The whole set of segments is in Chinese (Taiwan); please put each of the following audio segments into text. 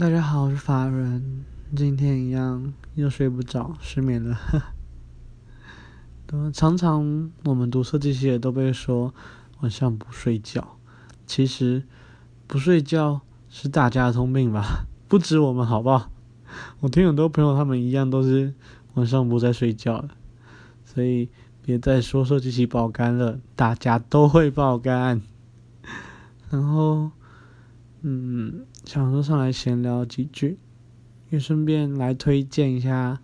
大家好，我是法人。今天一樣又睡不着，失眠了。都 常常我們讀設計系的，都被說晚上不睡覺。其實不睡覺是大家的通病吧，不止我們好不好？我聽很多朋友他們一樣都是晚上不再睡覺了，所以別再說設計系爆肝了，大家都會爆肝。 然後。嗯，想說上來閒聊幾句，也順便來推薦一下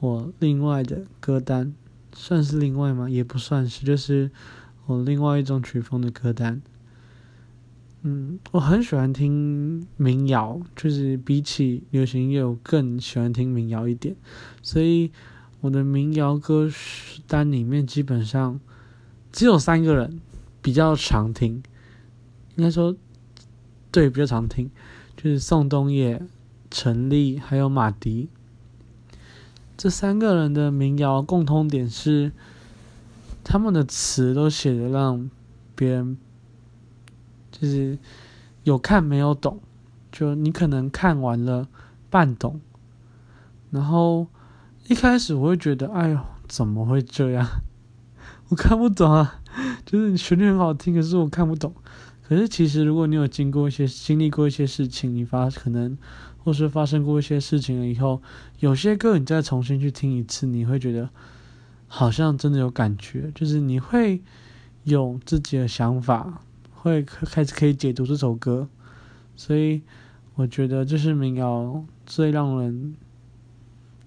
我另外的歌單，算是另外嗎？也不算是，就是我另外一種曲風的歌單。嗯，我很喜歡聽民謠，就是比起流行樂，我更喜歡聽民謠一點，所以我的民謠歌單裡面基本上只有三個人比較常聽，應該說。對，比較常聽，就是宋冬野、陳粒還有馬頔這三個人的民謠，共通點是他們的詞都寫得讓別人就是有看沒有懂，就你可能看完了半懂，然後一開始我會覺得，哎呦，怎麼會這樣？我看不懂啊，就是你旋律很好聽，可是我看不懂。可是其實，如果你有經過一些、經歷過一些事情，你發可能，或是發生過一些事情了以後，有些歌你再重新去聽一次，你會覺得好像真的有感覺，就是你會有自己的想法，會開始可以解讀這首歌。所以我覺得這是民謠最讓人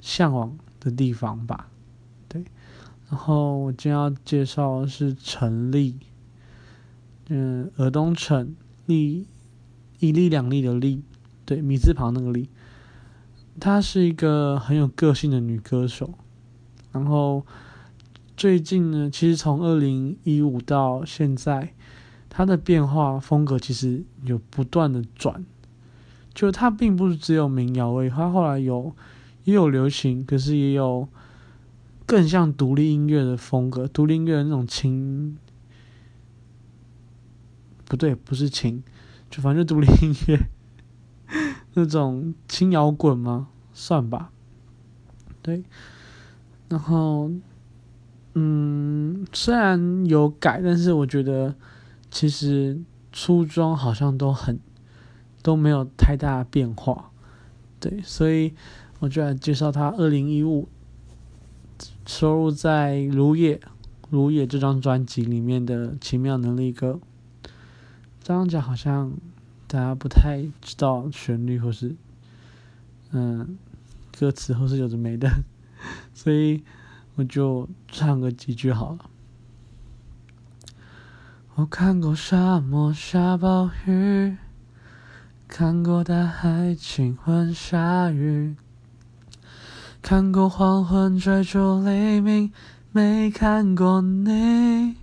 嚮往的地方吧，對。然後我今天要介紹的是陳粒。嗯，耳東陳，粒，一粒兩粒的粒，對，米字旁那個粒。她是一個很有個性的女歌手。然後最近呢，其實從二零一五到現在，她的變化風格其實有不斷的轉，就她並不是只有民謠味，她後來有也有流行，可是也有更像獨立音樂的風格，獨立音樂的那種輕。不對，不是情，就反正獨立音樂， 那種輕搖滾嗎？算吧。對，然後，嗯，雖然有改，但是我覺得其實初衷好像都很都沒有太大變化。對，所以我就來介紹他二零一五收錄在《如也》《如也》這張專輯裡面的《奇妙能力歌》。這樣講好像大家不太知道旋律或是，嗯，歌詞或是有的沒的，所以我就唱個幾句好了。我看過沙漠下暴雨，看過大海親吻鯊魚，看過黃昏追逐黎明，沒看過你。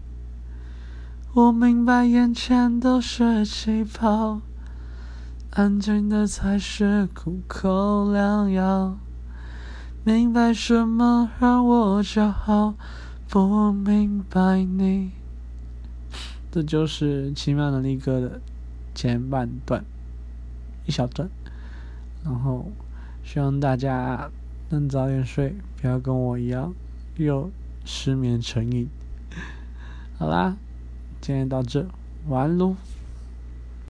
我明白，眼前都是氣泡，安靜的才是苦口良藥。明白什麼讓我驕傲，不明白你。這就是《奇妙能力歌》的前半段，一小段。然後，希望大家能早點睡，不要跟我一樣又失眠成癮。好啦。今天到這，晚安嘍。